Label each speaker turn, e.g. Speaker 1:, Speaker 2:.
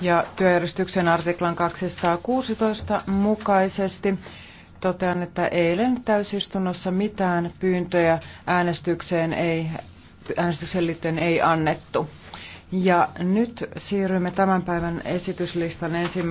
Speaker 1: ja työjärjestyksen artiklan 216 mukaisesti totean, että eilen täysistunnossa mitään pyyntöjä äänestykseen ei, äänestyksen liittyen ei annettu. Ja nyt siirrymme
Speaker 2: tämän päivän esityslistan ensimmäiseen.